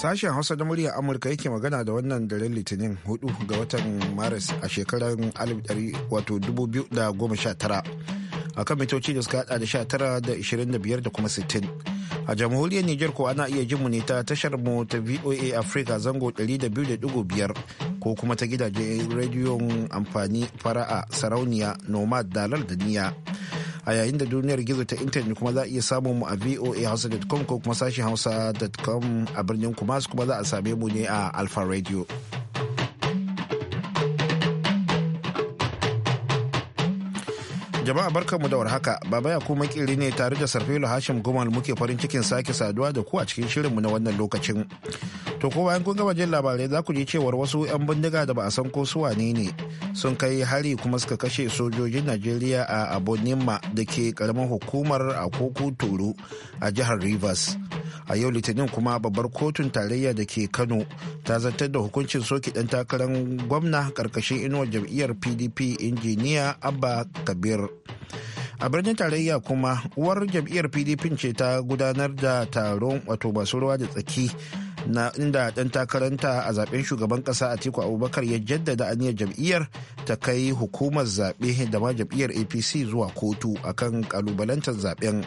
Sashen Hausa da muryar Amurka yake magana da wannan daren Litinin hudu ga watan Maris a shekarar 2019 a kan mitoci da suka hada da 19 da 25 da kuma 60. A jamhuriyar Nijar ko ana iya mu ne ta tashar mu ta VOA Africa zango 200.5 ko kuma ta gidajen rediyon amfani fara'a sarauniya nomad dalar da niya. a yayin da duniyar gizo ta intanet kuma za a iya samun mu a voahausa.com ko kuma sashen hausa.com a birnin kuma kuma za a same mu ne a alfa radio. jama'a barkanmu da warhaka baba ya kuma kiri ne tare da sarfilo hashim gumal muke farin cikin sake saduwa da ku a cikin shirinmu na wannan lokacin to ko bayan kun gama jin labarai za ku ji cewar wasu 'yan bindiga da ba a san ko su wane ne sun kai hari kuma suka kashe sojojin najeriya a abonima da ke karamin hukumar koko toro a jihar rivers a yau litinin kuma babbar kotun tarayya da ke kano ta zartar da hukuncin soki dan takarar gwamna karkashin inuwar jam'iyyar pdp injiniya abba kabir a birnin tarayya kuma uwar jam'iyyar pdp ce ta gudanar da taron wato masu ruwa da tsaki na inda dan takaranta a zaben shugaban kasa atiku abubakar ya jaddada aniyar jam'iyyar ta kai hukumar zaɓe da ma jam'iyyar apc zuwa kotu akan kalubalantar zaben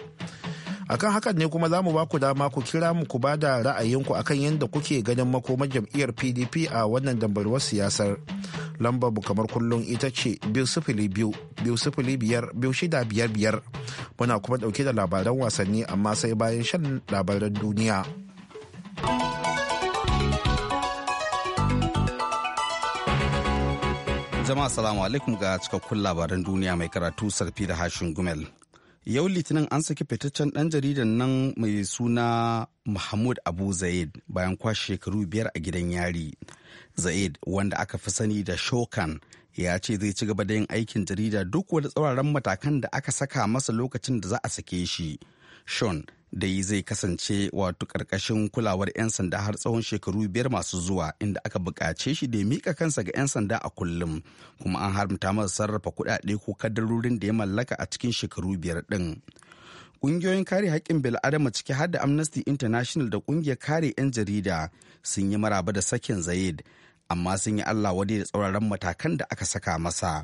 akan hakan ne kuma za mu baku dama ku kira mu ku bada ra'ayinku akan yadda kuke ganin makomar jam'iyyar pdp a wannan dambarwar siyasar lambar mu kamar kullum ita ce biyu sifili biyu biyu sifili biyar biyu shida biyar biyar muna kuma dauke da labaran wasanni amma sai bayan shan labaran duniya. Jama'a salamu alaikum ga cikakkun labaran duniya mai karatu sarfi da hashin gumel. Yau litinin an saki fitaccen dan jaridan nan mai suna Mahmud Abu Zaid bayan kwashe shekaru biyar a gidan yari. Zaid wanda aka fi sani da Shokan ya ce zai ci gaba da yin aikin jarida duk wani tsauraran matakan da aka saka masa lokacin da za a sake shi. shon. da zai kasance wato karkashin kulawar 'yan sanda har tsawon shekaru biyar masu zuwa inda aka buƙace shi da ya mika kansa ga 'yan sanda a kullum kuma an haramta masa sarrafa kuɗaɗe ko kadarorin da ya mallaka a cikin shekaru biyar ɗin. Ƙungiyoyin kare haƙƙin bil'adama ciki har da Amnesty International da ƙungiyar kare 'yan jarida sun yi maraba da sakin Zayed amma sun yi Allah wadai da tsauraran matakan da aka saka masa.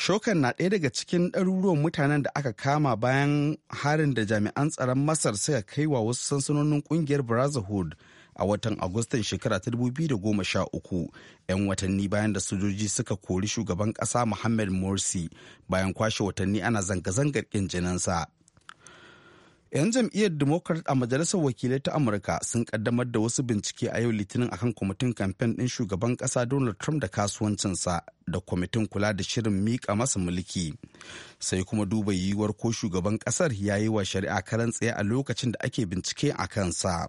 Shokan na ɗaya daga cikin ɗaruruwan mutanen da aka kama bayan harin da jami'an tsaron Masar suka kai wa wasu sansanonin ƙungiyar Brotherhood a watan Agustan shekara ta dubu goma sha uku 'yan watanni bayan da sojoji suka kori shugaban ƙasa muhammad Morsi bayan kwashe watanni ana zanga-zangar ƙin jininsa. 'Yan jam'iyyar Democrat a Majalisar Wakilai ta Amurka sun kaddamar da wasu bincike a yau Litinin akan kwamitin kamfen ɗin shugaban ƙasa Donald Trump da kasuwancinsa da kwamitin kula da shirin miƙa masa mulki. Sai kuma duba yiwuwar ko shugaban ƙasar ya yi wa shari'a karan tsaye a lokacin da ake bincike a kansa.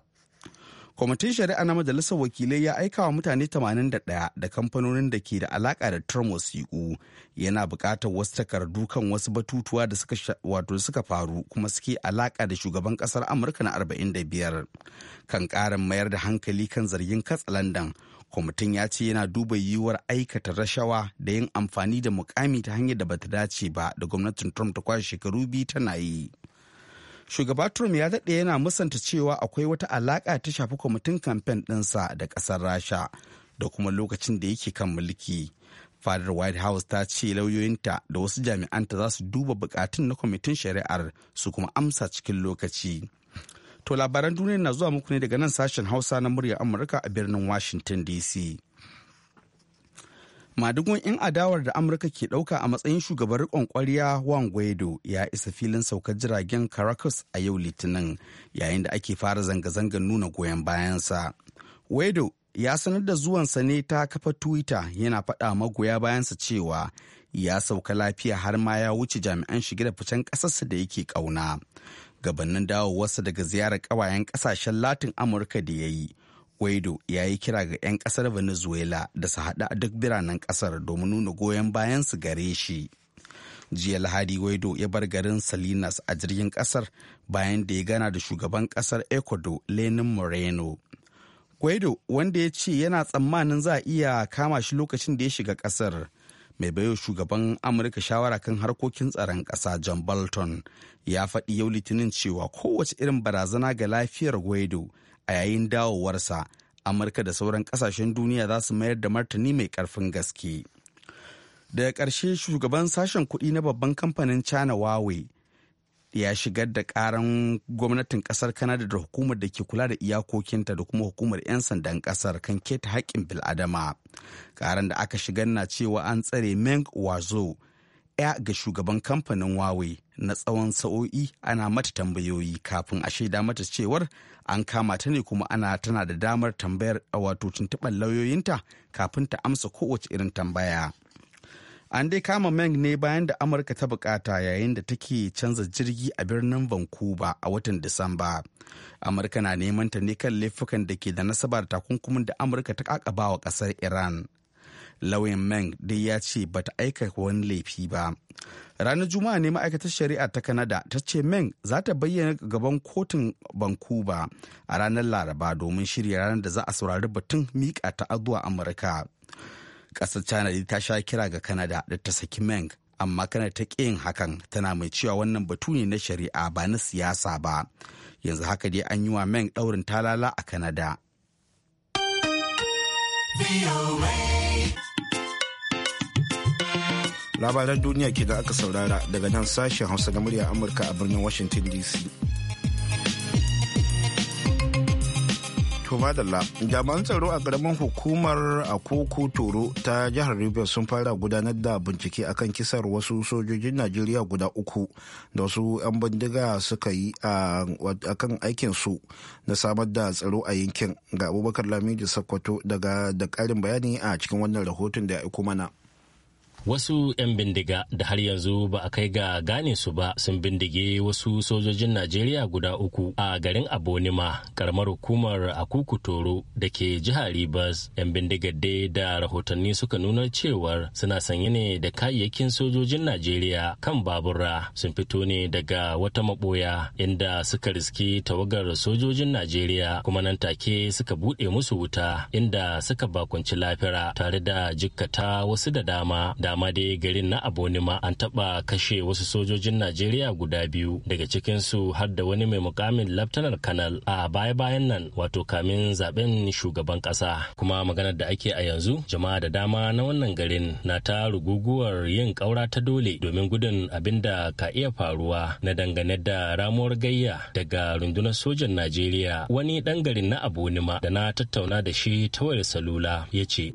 kwamitin shari'a na majalisar wakilai ya aika wa mutane 81 da kamfanonin da ke da alaka da trump wasiƙu yana buƙatar wasu takardu kan wasu batutuwa da suka wato suka faru kuma suke alaka da shugaban ƙasar amurka na 45 kan ƙarin mayar da hankali kan zargin katsa London, kwamitin ya ce yana duba yiwuwar aikata rashawa da yin amfani da mukami ta hanyar da bata dace ba da gwamnatin trump ta kwashe shekaru biyu tana yi shugaba trump ya daɗe yana musanta cewa akwai wata alaƙa ta shafi kwamitin kamfen ɗinsa da ƙasar rasha da kuma lokacin da yake kan mulki fadar white house ta ce lauyoyinta da wasu jami'anta za su duba bukatun na kwamitin shari'ar su kuma amsa cikin lokaci to labaran duniya na zuwa muku ne daga nan sashen hausa na muryar amurka a birnin washington dc madugun in adawar da amurka ke dauka a matsayin shugaban rikon kwariya juan guaido ya isa filin saukar jiragen caracas a yau litinin yayin da ake fara zanga-zangar nuna goyon bayansa guaido ya sanar da zuwansa ne ta kafa twitter yana faɗa magoya bayansa cewa ya sauka lafiya har ma ya wuce jami'an shige da ficen ƙasarsa da yake ƙauna gabanin dawowarsa daga ziyarar ƙawayen ƙasashen latin amurka da ya yi guaido ya yi kira ga 'yan kasar venezuela da su haɗa a duk biranen kasar domin nuna goyon bayan su gare shi jiya lahadi guaido ya bar garin salinas a jirgin kasar bayan da ya gana da shugaban kasar ecuador lenin moreno guaido wanda ya ce yana tsammanin za a iya kama shi lokacin da ya shiga kasar mai baiwa shugaban amurka shawara kan harkokin tsaron ƙasa john bolton ya faɗi yau litinin cewa kowace irin barazana ga lafiyar guaido a yayin dawowarsa amurka da sauran kasashen duniya za su mayar da martani mai karfin gaske daga ƙarshe shugaban sashen kuɗi na babban kamfanin china huawei ya shigar da ƙaran gwamnatin ƙasar kanada da hukumar da ke kula da iyakokinta da kuma hukumar 'yan sandan ƙasar kan keta haƙƙin bil'adama karan da aka shigar na cewa an tsare meng wazo ya ga shugaban kamfanin huawei na tsawon sa'o'i ana mata tambayoyi kafin a shaida mata cewar an kama ta ne kuma ana tana da damar tambayar wato tuntuɓar lauyoyinta kafin ta amsa kowace irin tambaya an dai kama meng ne bayan da amurka ta bukata yayin da take canza jirgi a birnin vancouver a watan disamba amurka na neman ta ne kan laifukan da ke da nasaba takunkumin da amurka ta kakabawa wa kasar iran lauyan meng dai ya ce ba ta aika wani laifi ba ranar juma'a ne ma'aikatar shari'a ta kanada ta ce meng za ta bayyana gaban kotun bankuba a ranar laraba domin shirya ranar da za a saurari batun miƙa ta azuwa amurka ƙasar china ta sha kira ga kanada da ta saki meng amma kana ta yin hakan tana mai cewa wannan batu ne na shari'a ba na siyasa ba yanzu haka dai an yi wa meng ɗaurin talala a kanada. labaran duniya ke da aka saurara daga nan sashen hausa na murya amurka a birnin washington dc madalla jami'an tsaro a karamin hukumar akoko toro ta jihar rivers sun fara gudanar da bincike akan kisar wasu sojojin najeriya guda uku da wasu 'yan bindiga suka yi a kan aikinsu na samar da tsaro a yankin ga abubakar lamiji sakwato daga da karin bayani a cikin wannan rahoton da ya aiko mana wasu 'yan bindiga da har yanzu ba a kai ga gane su ba sun bindige wasu sojojin najeriya guda uku a garin abonima karamar hukumar akukutoro da ke jihar ribas 'yan bindigar dai da rahotanni suka nunar cewar suna sanye ne da kayayyakin sojojin najeriya kan babura sun fito ne daga wata maboya inda suka riske tawagar sojojin najeriya kuma nan take suka buɗe musu wuta inda suka bakunci lafira tare da jikkata wasu da dama da dama dai garin na abonima an taɓa kashe wasu sojojin najeriya guda biyu daga cikinsu har da wani mai mukamin laftanar kanal a baya-bayan nan wato kamin zaben shugaban ƙasa kuma maganar da ake a yanzu jama'a da dama na wannan garin na ta ruguguwar yin ƙaura ta dole domin gudun abin da ka iya faruwa na dangane da ramuwar gayya daga rundunar sojan najeriya wani ɗan garin na abonima da na tattauna da shi ta wayar salula ya ce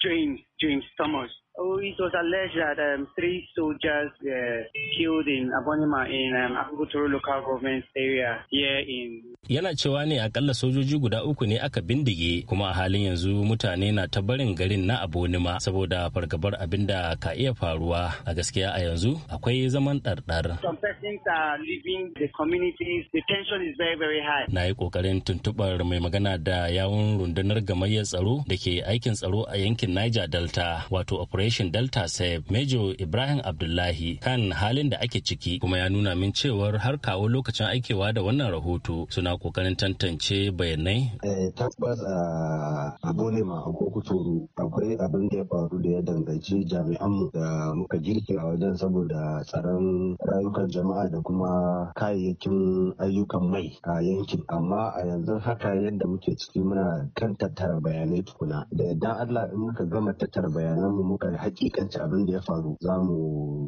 James James Summers Oh, it was alleged that um, three soldiers were killed in Abonima in um, Akukuturu local government area here in. Yana cewa ne akalla sojoji guda uku ne aka bindige kuma a halin yanzu mutane na ta barin garin na Abonima saboda fargabar abin da ka iya faruwa. A gaskiya a yanzu akwai zaman ɗarɗar. Some persons are leaving the communities. The tension is very very high. Na yi ƙoƙarin tuntuɓar mai magana da yawon rundunar gamayyar tsaro da ke aikin tsaro a yankin Niger Delta wato Operation reshin delta sef major ibrahim abdullahi kan halin da ake ciki kuma ya nuna min cewar har kawo lokacin aikewa da wannan rahoto suna kokarin tantance bayanai eh, tabbas a ma a kuturu akwai abin da ya faru da ya danganci jami'an mu. da muka girki a wajen saboda tsaron rayukan jama'a da kuma kayayyakin ayyukan mai a yankin amma a yanzu haka yadda muke ciki muna kan tattara bayanai tukuna da idan allah in muka gama tattara bayanan mu muka hakikanci abin da ya faru za mu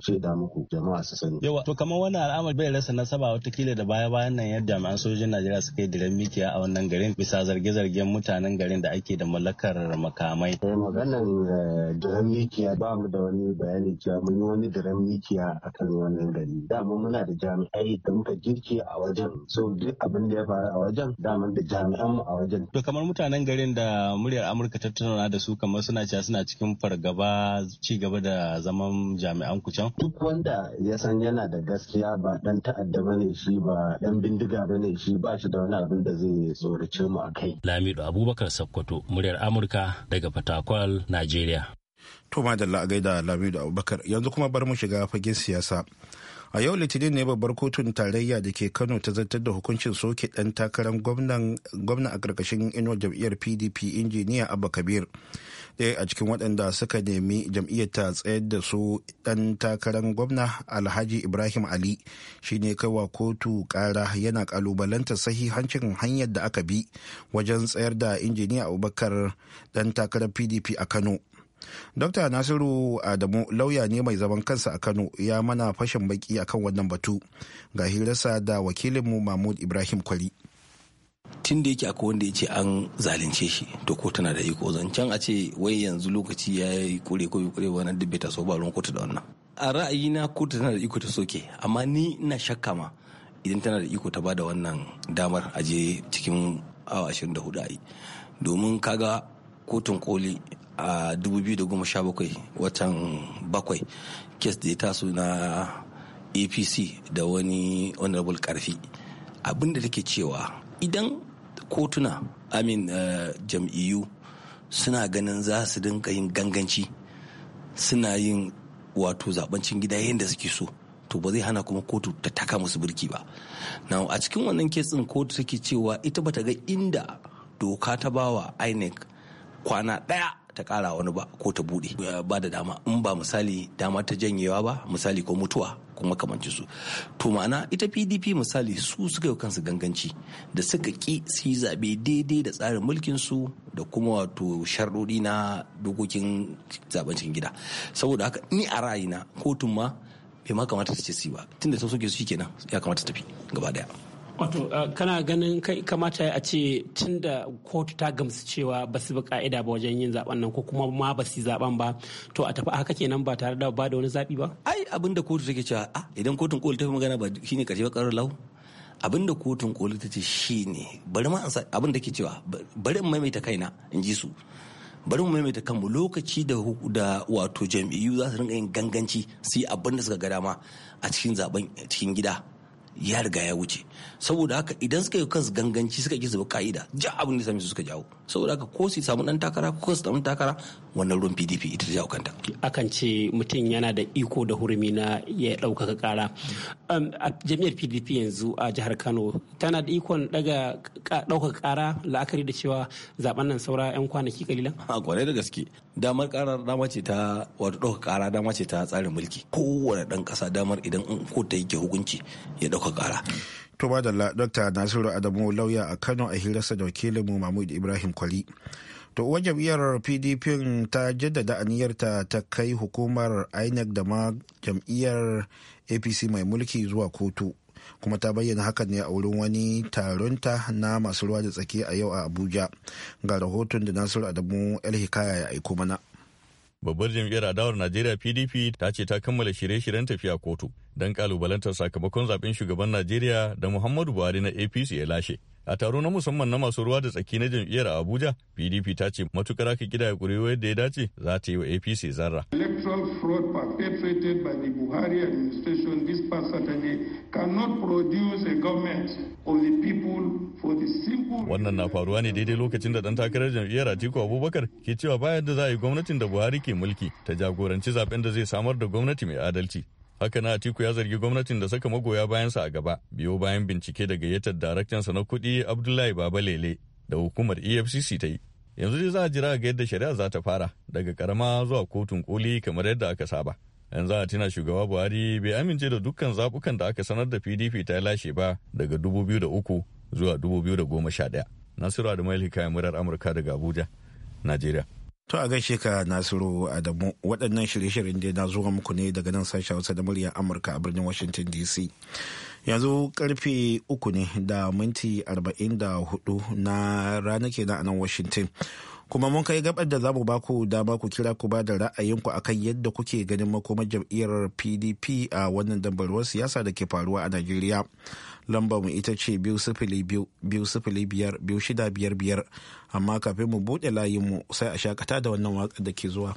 shaida muku jama'a su sani. Yawa to kamar wannan al'amari bai rasa nasaba watakila da baya bayan nan yadda jami'an sojojin Najeriya suka yi diren mikiya a wannan garin bisa zarge-zargen mutanen garin da ake da mallakar makamai. Eh maganar eh, diren mikiya ba mu da wani bayani cewa mun yi wani diren mikiya kan wannan gari. Dama muna da jami'ai da muka girki a wajen so duk abin da ya faru a wajen mun da jami'an mu a wajen. To kamar mutanen garin da muryar Amurka ta tattauna da su kamar suna cewa suna cikin fargaba ci gaba da zaman jami'an ku can? Duk wanda ya san yana da gaskiya ba dan ta'adda bane shi ba dan bindiga bane shi ba shi da wani abin da zai tsorace mu a kai. Lamido Abubakar Sakkwato, muryar Amurka daga Fatakwal, Najeriya. To madalla a Lamido Abubakar yanzu kuma bar mu shiga fagen siyasa. a yau litinin ne babbar kotun tarayya da ke kano ta zartar da hukuncin soke ɗan takarar gwamna a karkashin inuwar jam'iyyar pdp injiniya abba kabir ɗaya a cikin waɗanda suka nemi jam'iyyar ta tsayar da su ɗan takarar gwamna alhaji ibrahim ali shine kaiwa kotu ƙara yana ƙalubalanta sahihancin hanyar da aka bi wajen tsayar da injiniya abubakar ɗan takarar pdp a kano Dr. Nasiru Adamu lauya ne mai zaman kansa a Kano ya mana fashin baki akan wannan batu ga hirarsa da wakilinmu Mahmud Ibrahim kwali. tun da yake akwai wanda ya ce an zalunce shi to ko tana da iko zancen a ce wai yanzu lokaci ya yi kure ko kure wannan duk bai taso ba ruwan kotu da wannan a ra'ayina kotu tana da iko ta soke amma ni ina shakka ma idan tana da iko ta bada wannan damar a je cikin awa 24 a yi domin kaga kotun koli a 2017 watan bakwai kes da ya taso na apc da wani honorable karfi abinda take cewa idan kotuna amin eh, jam'iyyu suna ganin za su dinka yin ganganci suna yin wato zabancin gida yadda suke so to ba zai hana kuma kotu ta taka musu birki ba na a cikin wannan kesin kotu take cewa ita bata ga inda doka ta bawa inec kwana ɗaya ta kara wani ba ko ta bude ba da dama in ba misali dama ta janyewa ba misali ko mutuwa ko kamancin su to ma'ana ita pdp misali su suka yi kansu ganganci da suka ki su yi zaɓe daidai da tsarin mulkin su da kuma wato sharɗoɗi na dokokin zaben cikin gida saboda haka ni a ra'ayina kotun ma bai ma kamata su ce su yi ba tunda ta suke su kenan ya kamata tafi gaba daya wato uh, kana ganin kai kamata a ce tun da kotu ta gamsu cewa ba su bi ka'ida ba wajen yin zaben nan ko kuma ma ba su zaben ba to a tafi haka kenan ba tare da ba da wani zabi ba ai abin da kotu take cewa a ah, idan kotun koli ta fi magana ba shine karshe ba karar lau abin da kotun koli ta ce shine bari ma abin da ke cewa bari in maimaita kaina in ji su bari mu maimaita kanmu lokaci da da wato jam'iyyu za su ringa yin ganganci su yi abin da suka ga dama a cikin zaben cikin gida ya riga ya wuce saboda haka idan suka yi kansu ganganci suka yi su ka'ida ja abin da sami su suka jawo saboda haka ko su samu dan takara ko su samu takara wannan ruwan PDP ita ta jawo kanta akan ce mutum yana da iko da hurumi na ya ɗaukaka ƙara jami'ar PDP yanzu a jihar Kano tana da ikon daga ɗaukaka ƙara la'akari da cewa zaben nan saura yan kwanaki kalilan a kwarai da gaske damar ƙara dama ce ta wato ɗaukaka ƙara dama ce ta tsarin mulki kowane ɗan ƙasa damar idan ko ta yake hukunci ya ɗaukar ƙara. To da Dr. Nasiru Adamu lauya a Kano a hirarsa da wakilinmu Mahmud Ibrahim Kwali. To uwar jam'iyyar PDP ta jaddada aniyarta ta kai hukumar INEC da ma jam'iyyar APC mai mulki zuwa kotu. kuma ta bayyana hakan ne a wurin wani taronta na masu ruwa da tsaki a yau a abuja ga rahoton da nasiru adamu el hikaya ya aiko mana babbar jam'iyyar adawar najeriya pdp ta ce ta kammala shirye-shiryen tafiya kotu don kalubalantar sakamakon zaben shugaban najeriya da muhammadu buhari na apc ya lashe A taro na musamman na masu ruwa da tsaki na jam'iyyar a Abuja, PDP ta ce matukar aka kida kuri yadda ya dace za ta yi wa APC zarra. Electoral fraud perpetrated by the Buhari administration this past Saturday cannot produce a government of the people for the simple Wannan na faruwa ne daidai lokacin da dan takarar jam'iyyar Atiku Abubakar ke cewa bayan da za a yi gwamnatin da Buhari ke mulki ta jagoranci zaben da zai samar da gwamnati mai adalci. haka na atiku ya zargi gwamnatin da saka magoya bayansa a gaba biyo bayan bincike da gayyatar daraktansa na kuɗi abdullahi babalele da hukumar efcc ta yi yanzu dai za a jira ga yadda shari'a za ta fara daga karama zuwa kotun koli kamar yadda aka saba yanzu a tina shugaba buhari bai amince da dukkan zabukan da aka sanar da pdp ta lashe ba daga 2003 zuwa 2011 nasiru adamu ya hikaya murar amurka daga abuja najeriya To a gaishe ka Nasiru Adamu waɗannan shirye-shiryen da na zuwa muku ne daga nan sashen Hausa da muryar Amurka a birnin Washington DC. yanzu karfe uku ne da minti 44 na rana kenan a nan washington kuma mun kai gabar da zamu baku dama ku kira ku ba da ra'ayinku akan yadda kuke ganin makomar jam'iyyar pdp a wannan dambarwar siyasa da ke faruwa a najeriya lambar mu ita ce biyu sifili biyu biyu sifili biyar biyu shida biyar biyar amma kafin mu buɗe layinmu sai a shakata da wannan waƙar da ke zuwa.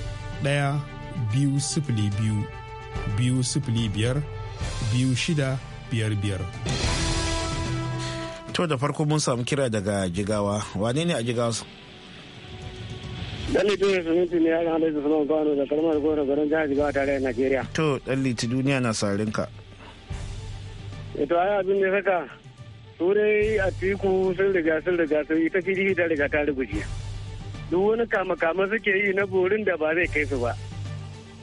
ɗaya biyu sifili biyu biyu sifili biyar biyu shida biyar biyar. To da farko mun samu kira daga jigawa wane ne a jigawa? Dan litinin suminti ne da halittu sunan kwano da kalmar goro garin jihar jigawa tare da Najeriya. To dan litinin duniya na ka. Ito eh, ayi abin da saka turai a tiku sun riga sun riga sun ita fili ta riga ta ruguje. duk wani kama-kama suke yi na burin da ba zai kai su ba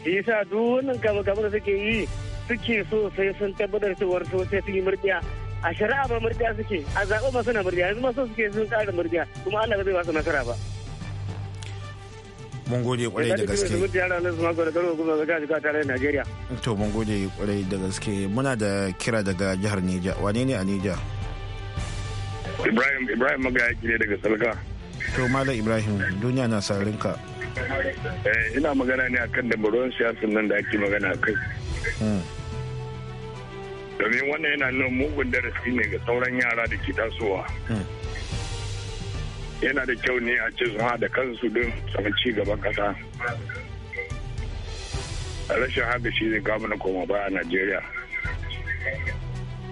shi yasa duk wani kama-kama da suke yi suke so sai sun tabbatar cewar so sai sun yi murɗiya a shari'a ba murɗiya suke a zaɓe ba suna murɗiya yanzu ma so suke sun ƙara murɗiya kuma Allah ba zai ba su nasara ba mun gode kwarai da gaske to mun gode kwarai da gaske muna da kira daga jihar Nija wane ne a Nija Ibrahim Ibrahim magayaci ne daga Salga to malam ibrahim duniya na sarin ka eh, ina magana ne akan dabarun siyasan nan da ake magana kai hmm. domin wannan yana nuna mugun darasi ne ga sauran yara da ke tasowa hmm. yana da kyau ne a ce su da kansu don samun ci gaban kasa rashin haka shi zai na koma baya a najeriya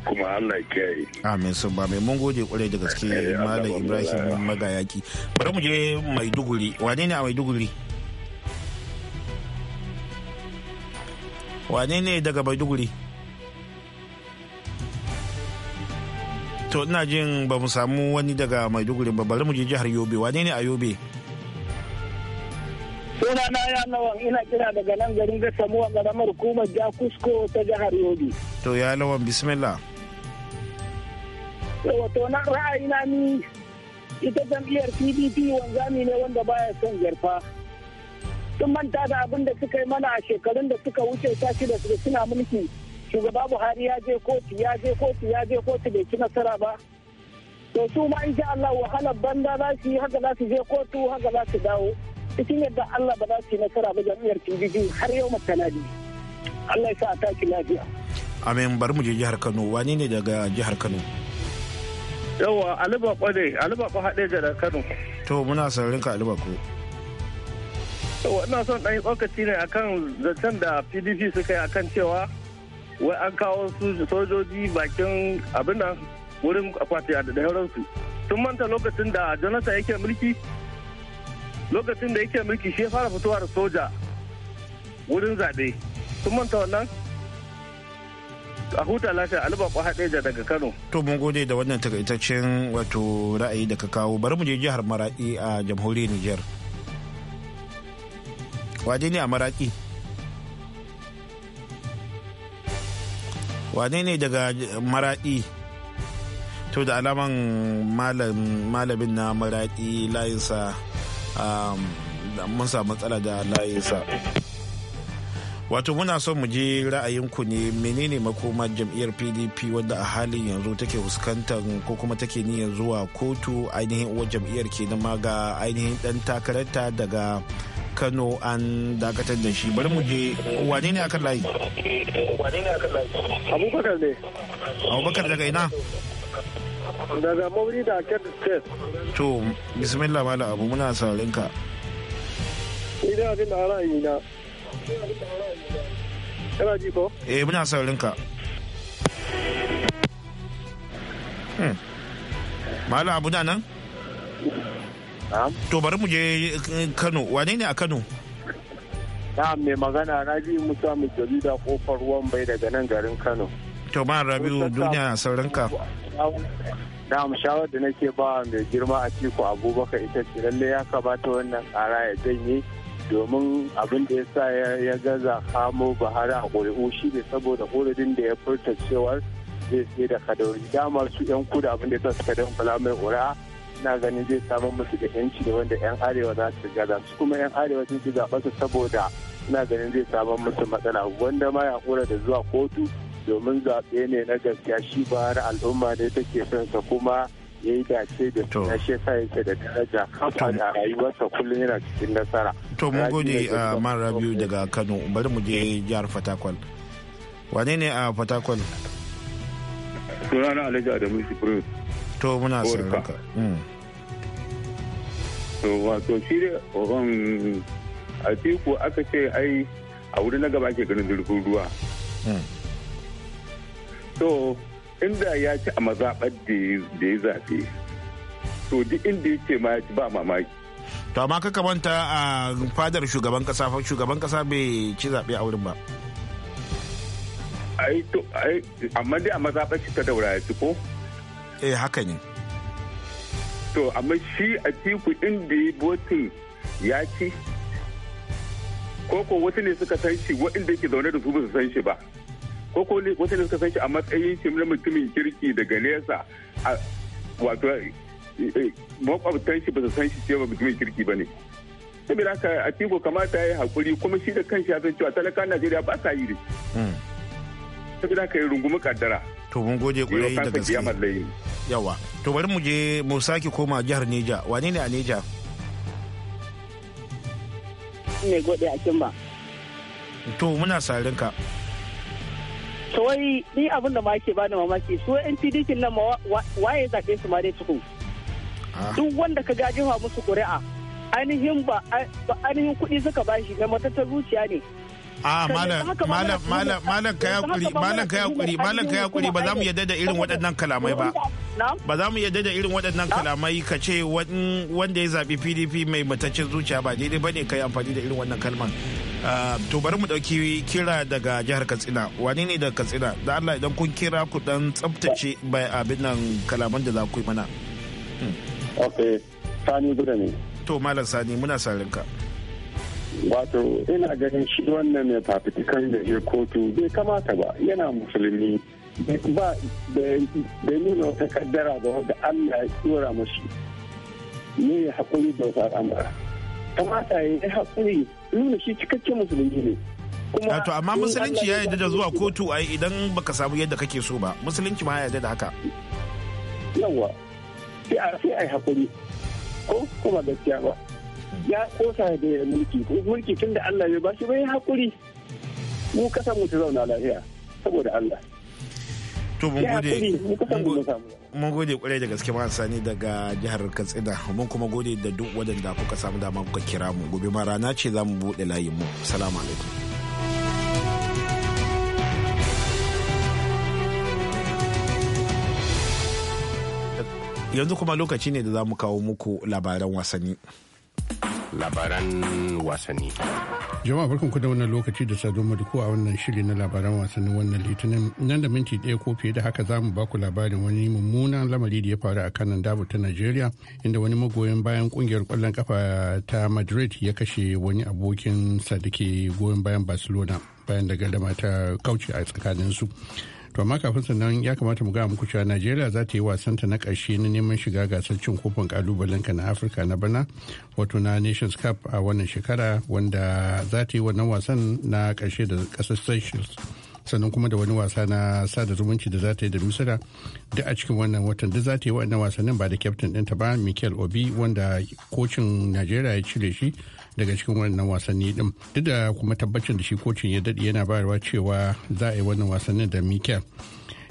kuma Allah kiyaye amin sun ba mai mun gode kwarai da gaske eh, malam Ibrahim magayaki bari mu je Maiduguri wane ne a Maiduguri wane ne daga Maiduguri to ina jin ba mu samu wani daga maiduguri ba bari mu je jihar yobe wane ne a yobe suna na ya lawan ina kira daga nan garin gasa muwa kuma hukumar jakusko ta jihar yobe to ya lawan bismillah wato na ra'ayina ni ita jam'iyyar pdp wanzami ne wanda baya son yarfa sun manta da abin da suka yi mana a shekarun da suka wuce sha shida da suna mulki shugaba buhari ya je kotu ya je kotu ya je kotu bai ci nasara ba to su ma insha Allah wahalar banda za su yi haka za su je kotu haka za su dawo cikin yadda Allah ba za su yi nasara ba jam'iyyar pdp har yau matanadi Allah ya sa a taki lafiya. Amin bari mu je jihar Kano wani ne daga jihar Kano. yawa alibako ne alibako haɗe da kano to muna saurin ka alibako ina son ɗan tsokaci ne akan zancen da pdp suka yi akan cewa wai an kawo su sojoji bakin abin nan wurin akwati a da sauransu sun manta lokacin da jonathan yake mulki lokacin da yake mulki shi fara fitowa da soja wurin zaɓe sun manta wannan a huta lafiya albako hadeja daga kano to mun gode da wannan takaitaccen wato ra'ayi da ka kawo bari mu je jihar maraki a jamhuriyar niger wane ne a maraki wane ne daga maraki to da alaman malamin na maraki layinsa um, mun samu matsala da layinsa wato muna son mu ji ra'ayinku ne menene makomar jam'iyyar pdp wadda a halin yanzu take fuskantar ko kuma take niyyar zuwa kotu ainihin uwar jam'iyyar ke ma ga ainihin dan takararta daga kano an dakatar da shi bari mu je wane ne akan layi abubakar ne abubakar daga ina daga mawuri da kebbi state to bismillah malam abu muna saurin ka ina jin ra'ayina Kana ji ko? Eh muna saurin ka. Hmm. abu na nan? To bari mu je eh, Kano, wane ne a Kano? Na mai magana ji Musa mai da kofar ruwan bai daga nan garin Kano. To ma Rabiu duniya saurin ka. Na shawar da nake ba mai girma a ciko Abubakar ita ce lalle ya kamata wannan kara ya janye domin abin da ya sa ya gaza hamo buhari a ƙuri'u shi ne saboda huridin da ya furta cewar zai sai da kadauri damar su yan kuda abin da ya sa suka damfala mai ƙura na ganin zai samu musu da yanci da wanda yan arewa za su gaza su kuma yan arewa sun ci zaɓa su saboda na ganin zai samu musu matsala wanda ma ya ƙura da zuwa kotu domin zaɓe ne na gaskiya shi buhari al'umma ne take son sa kuma ya yi dace da suna shi yasa yake da daraja kafa da rayuwarsa kullum yana cikin nasara. To mun gode a uh, man rabiu daga Kano bari mu je jihar Fatakwal. Wane ne a Fatakwal? na Alhaji Adamu Shifirin. To muna sanar ka. Hmm. To wato shi ne um, a teku aka ce ai a wuri na gaba ke ganin jirgin ruwa. Hmm. To inda ya ci a mazaɓar da ya zaɓe to duk inda ya ce ma ya ci ba mamaki to amma ka manta a fadar shugaban kasa shugaban kasa bai ci zaɓe a wurin ba ai to ai amma dai a mazaɓar shi ta daura ya ci ko eh haka ne to amma shi a tiku inda ya botin ya ci ko ko wasu ne suka san shi waɗanda ke zaune da su ba su san shi ba ko ko wata ne suka san shi a matsayin shi na mutumin kirki daga nesa wato eh, eh, makwabtan shi ba su san shi cewa mutumin kirki ba ne saboda haka a tigo kamata ya yi hakuri kuma shi da kanshi ya san cewa talakan najeriya ba sa yi da hmm. saboda haka ya rungumi kaddara to mun gode kwarai da gaske yawa to bari mu je mu sake koma jihar neja wane ne a neja ne gode a kimba to muna sarin ka to wai ni abin da ma yake bani mamaki su yan pdp nan ma waye zaɓe su ma dai tukun ah. duk wanda ka gaji ma musu ƙuri'a ainihin ba ainihin kuɗi suka shi na matattar zuciya ne a ah, malam kaya malam malam ka yakuri malam ka yakuri malam ka ba za mu yadda da irin waɗannan kalamai ba ba za mu yadda da irin waɗannan kalamai ka ce wanda ya zaɓi pdp mai mataccen zuciya ba daidai ba ne ka yi amfani da irin wannan kalmar Ah, to bari mu dauki kira daga jihar katsina wani ne daga katsina da allah idan kun kira ku dan tsabtace bai abin nan kalaman da za ku yi mana hmm. ok sani guda ne to malam sani muna sarin ka wato ina ganin shi wannan mai fafitikan da ya kotu bai kamata ba yana musulmi ba da nuna wata kaddara ba wanda allah ya tsora mashi ne ya haƙuri da wasu al'amura kamata ya yi haƙuri nuna shi cikakken musulunci ne Wato amma musulunci ya yarda da zuwa kotu ai idan baka samu yadda kake so ba musulunci ma ya yarda da haka yawwa sai a sai yi hakuri ko kuma gaskiya ba ya kosa da mulki ko mulki tun da Allah ya bashi bai hakuri mu kasan mu ta zauna lafiya saboda Allah to mun gode mun gode kwarai da gaske ma sani daga jihar katsina mun kuma gode da duk wadanda kuka samu dama kuka kira mu gobe ma rana ce za mu buɗe layin mu salamu alaikum yanzu kuma lokaci ne da za mu kawo muku labaran wasanni. labaran wasanni. Jama'a barkan ku da wannan lokaci da sadon ko a wannan shiri na labaran wasanni wannan litinin nan da minti ɗaya ko fiye da haka za mu baku labarin wani mummunan lamari da ya faru a kanan dabu ta Najeriya inda wani magoyan bayan kungiyar kwallon kafa ta Madrid ya kashe wani abokin sa da ke goyon bayan Barcelona bayan da gardama ta kauce a tsakanin su. to amma kafin sannan ya kamata mu gaya muku cewa najeriya za ta yi wasanta na ƙarshe na neman shiga gasar cin kofin kalubalenka na afirka na bana wato na nations cup a wannan shekara wanda za ta yi wannan wasan na ƙarshe da ƙasar seychelles sannan kuma da wani wasa na sada zumunci da za ta yi da misira duk a cikin wannan watan duk za ta yi wannan wasannin ba da kyaftin ɗinta ba michael obi wanda kocin najeriya ya cire shi daga cikin wannan wasanni din duk da kuma tabbacin da shi kocin ya daɗe yana bayarwa cewa za a yi wannan wasannin da mikel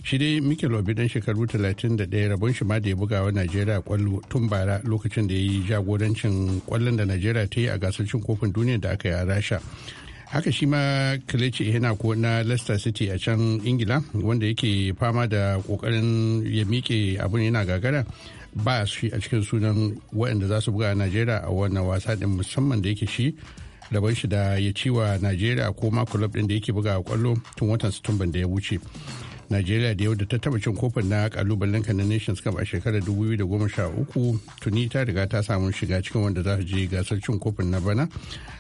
shi dai mikel obi dan shekaru 31 rabon shi ma da ya bugawa najeriya kwallo tun bara lokacin da ya yi jagorancin kwallon da najeriya ta yi a gasar cin kofin duniya da aka yi a rasha haka shi ma kalici yana ko na leicester city a can ingila wanda yake fama da kokarin ya miƙe abin yana gagara ba shi a cikin sunan waɗanda za su buga a najeriya a wannan wasa ɗin musamman da yake shi rabon shi da ya ci wa najeriya ko ma club din da yake buga a kwallo tun watan satumban da ya wuce najeriya da yau da ta taba cin kofin na kalubalen ka na nations cup a shekarar 2013 tuni ta riga ta samu shiga cikin wanda za su je gasar cin kofin na bana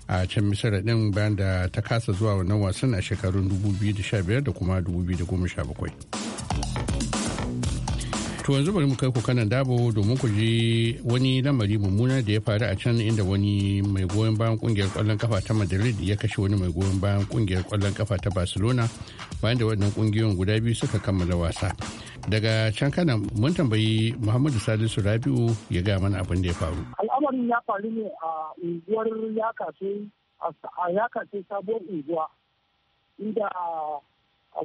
a can misira din bayan da ta kasa zuwa wannan wasan a shekarun 2015 da kuma 2017 To yanzu bari mu kai ku kanan dabo domin ku je wani lamari mummuna da ya faru a can inda wani mai goyon bayan kungiyar kwallon kafa ta Madrid ya kashe wani mai goyon bayan kungiyar kwallon kafa ta Barcelona bayan da waɗannan kungiyoyin guda biyu suka kammala wasa. Daga can kana mun tambayi Muhammadu Salisu Rabi'u ya ga mana abin da ya faru. Al'amarin ya faru ne a unguwar Yakace a Yakace sabuwar unguwa inda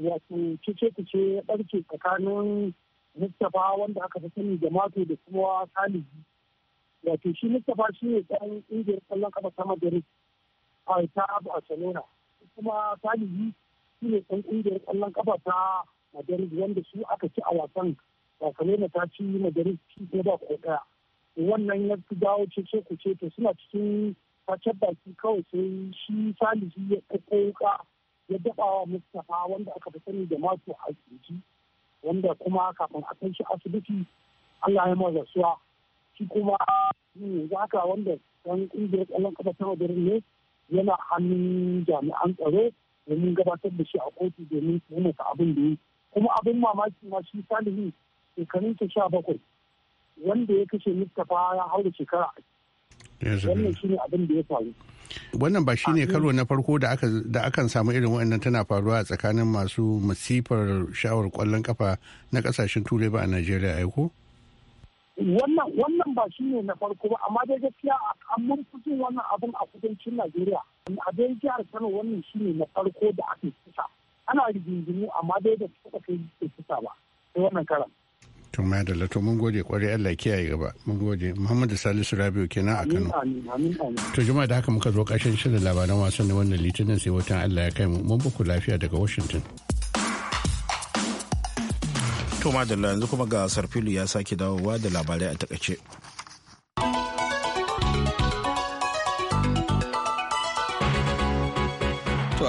wato cece-cece ya tsakanin Mustapha wanda aka fi sani da mato da kuma Salihu. Wato shi Mustapha shi ne ɗan ƙungiyar kallon kafa ta Madrid a ta Barcelona. Kuma Salihu shi ne ɗan ƙungiyar kallon kafa ta Madrid wanda su aka ci a wasan Barcelona ta ci Madrid shi ko ba ko ɗaya. Wannan ya fi dawo cece ku ce to suna cikin facen baki kawai sai shi Salihu ya ɗauko ya daɓa wa Mustapha wanda aka fi sani da mato a jiki. wanda kuma kafin a kai shi asibiti Allah ya mawa rasuwa shi kuma hmm, yanzu haka wanda dan ƙungiyar kallon kafa ta madarin ne yana hannun jami'an tsaro domin gabatar da shi a kotu domin taimaka abin da yi kuma abin mamaki ma shi salihu shekarun ta sha bakwai wanda ya kashe mustapha ya hau da shekara wannan shi ne abin da ya faru wannan ba shine karo na farko da akan samu irin wannan tana faruwa a tsakanin masu masifar shawar kwallon kafa na kasashen turai ba a najeriya aiko wannan ba shi ne na farko ba amma dai gaskiya a mun fito wannan abin a kudancin najeriya a dai jihar kano wannan shi ne na farko da aka kisa ana rigingimu amma dai da suka kai kisa ba sai wannan karan to da lato mun gode kwarai Allah kiyaye gaba mun gode Muhammadu Salisu Rabiu kenan a Kano to juma'a da haka muka zo ƙarshen shirin labaran wasan da wannan litinin sai watan Allah ya kai mu mun buku lafiya daga Washington to madalla yanzu kuma ga Sarfilu ya sake dawowa da labarai a takaice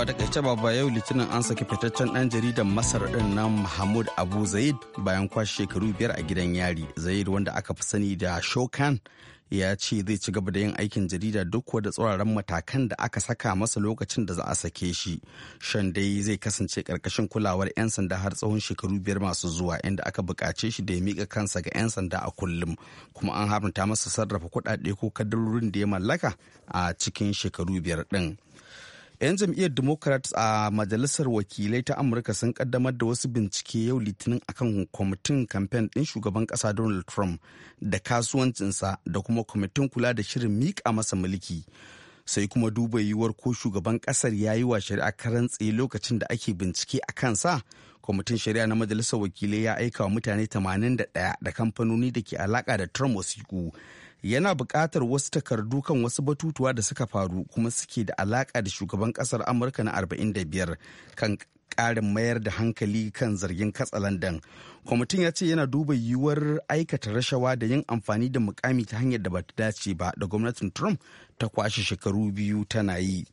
a takaice baba yau litinin an saki fitaccen dan jaridan masar din na mahmud abu zaid bayan kwashe shekaru biyar a gidan yari zaid wanda aka fi sani da shokan ya ce zai ci gaba da yin aikin jarida duk wadda tsoron matakan da aka saka masa lokacin da za a sake shi shan dai zai kasance karkashin kulawar 'yan sanda har tsawon shekaru biyar masu zuwa inda aka buƙace shi da ya miƙa kansa ga 'yan sanda a kullum kuma an haramta masa sarrafa kuɗaɗe ko kadarorin da ya mallaka a cikin shekaru biyar ɗin. 'Yan jam'iyyar Democrats a Majalisar Wakilai ta Amurka sun kaddamar da wasu bincike yau Litinin akan kwamitin kamfen ɗin shugaban ƙasa Donald Trump da kasuwancinsa da kuma kwamitin kula da shirin miƙa masa mulki. Sai kuma duba yiwuwar ko shugaban ƙasar ya yi wa shari'a karan tsaye lokacin da ake bincike a kansa. Kwamitin shari'a na Majalisar Wakilai ya aika wa mutane 81 da kamfanoni da ke alaka da Trump wasiƙu yana buƙatar wasu takardu kan wasu batutuwa da suka faru kuma suke da alaƙa da shugaban ƙasar amurka na 45 kan ƙarin mayar da hankali kan zargin katsalandan kwamitin ya ce yana duba yiwuwar aikata rashawa da yin amfani da mukami ta hanyar da ba ta dace ba da gwamnatin trump ta kwashe shekaru biyu tana yi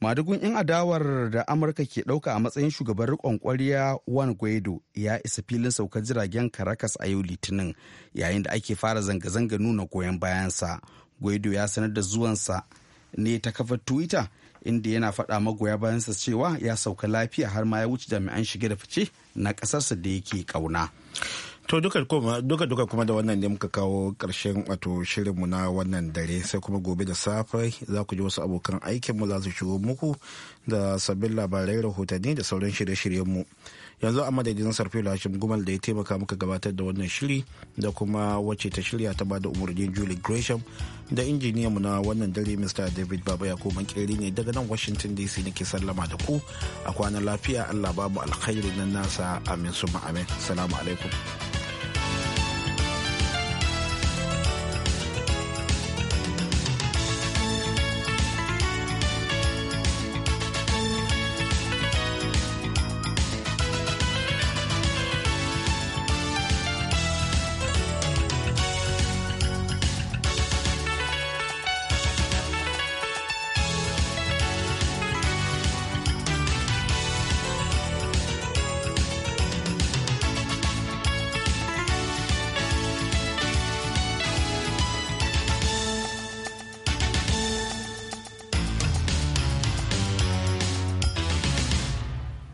madugun in adawar da amurka ke dauka a matsayin shugaban riƙon kwariya juan guaido ya isa filin saukar jiragen caracas a yau litinin yayin da ake fara zanga-zanga nuna goyon bayansa guaido ya sanar da zuwansa ne ta kafar twitter inda yana faɗa magoya bayansa cewa ya sauka lafiya har ma ya wuce jami'an shige da fice na ƙasarsa da yake ƙauna To duka kuma duka duka kuma da wannan ne muka kawo karshen wato shirinmu na wannan dare sai kuma gobe da safe za ku ji wasu abokan aikinmu za su shigo muku da sabbin labarai rahotanni da sauran shirye-shiryenmu. Yanzu a madadin sarfi Hashim Gumal da ya taimaka muka gabatar da wannan shiri da kuma wacce ta shirya ta bada umarnin Julie Gresham da mu na wannan dare Mr. David Baba ko Makeri ne daga nan Washington DC nake sallama da ku a kwanan lafiya Allah babu alkhairi na nasa amin suma amin. Salamu alaikum.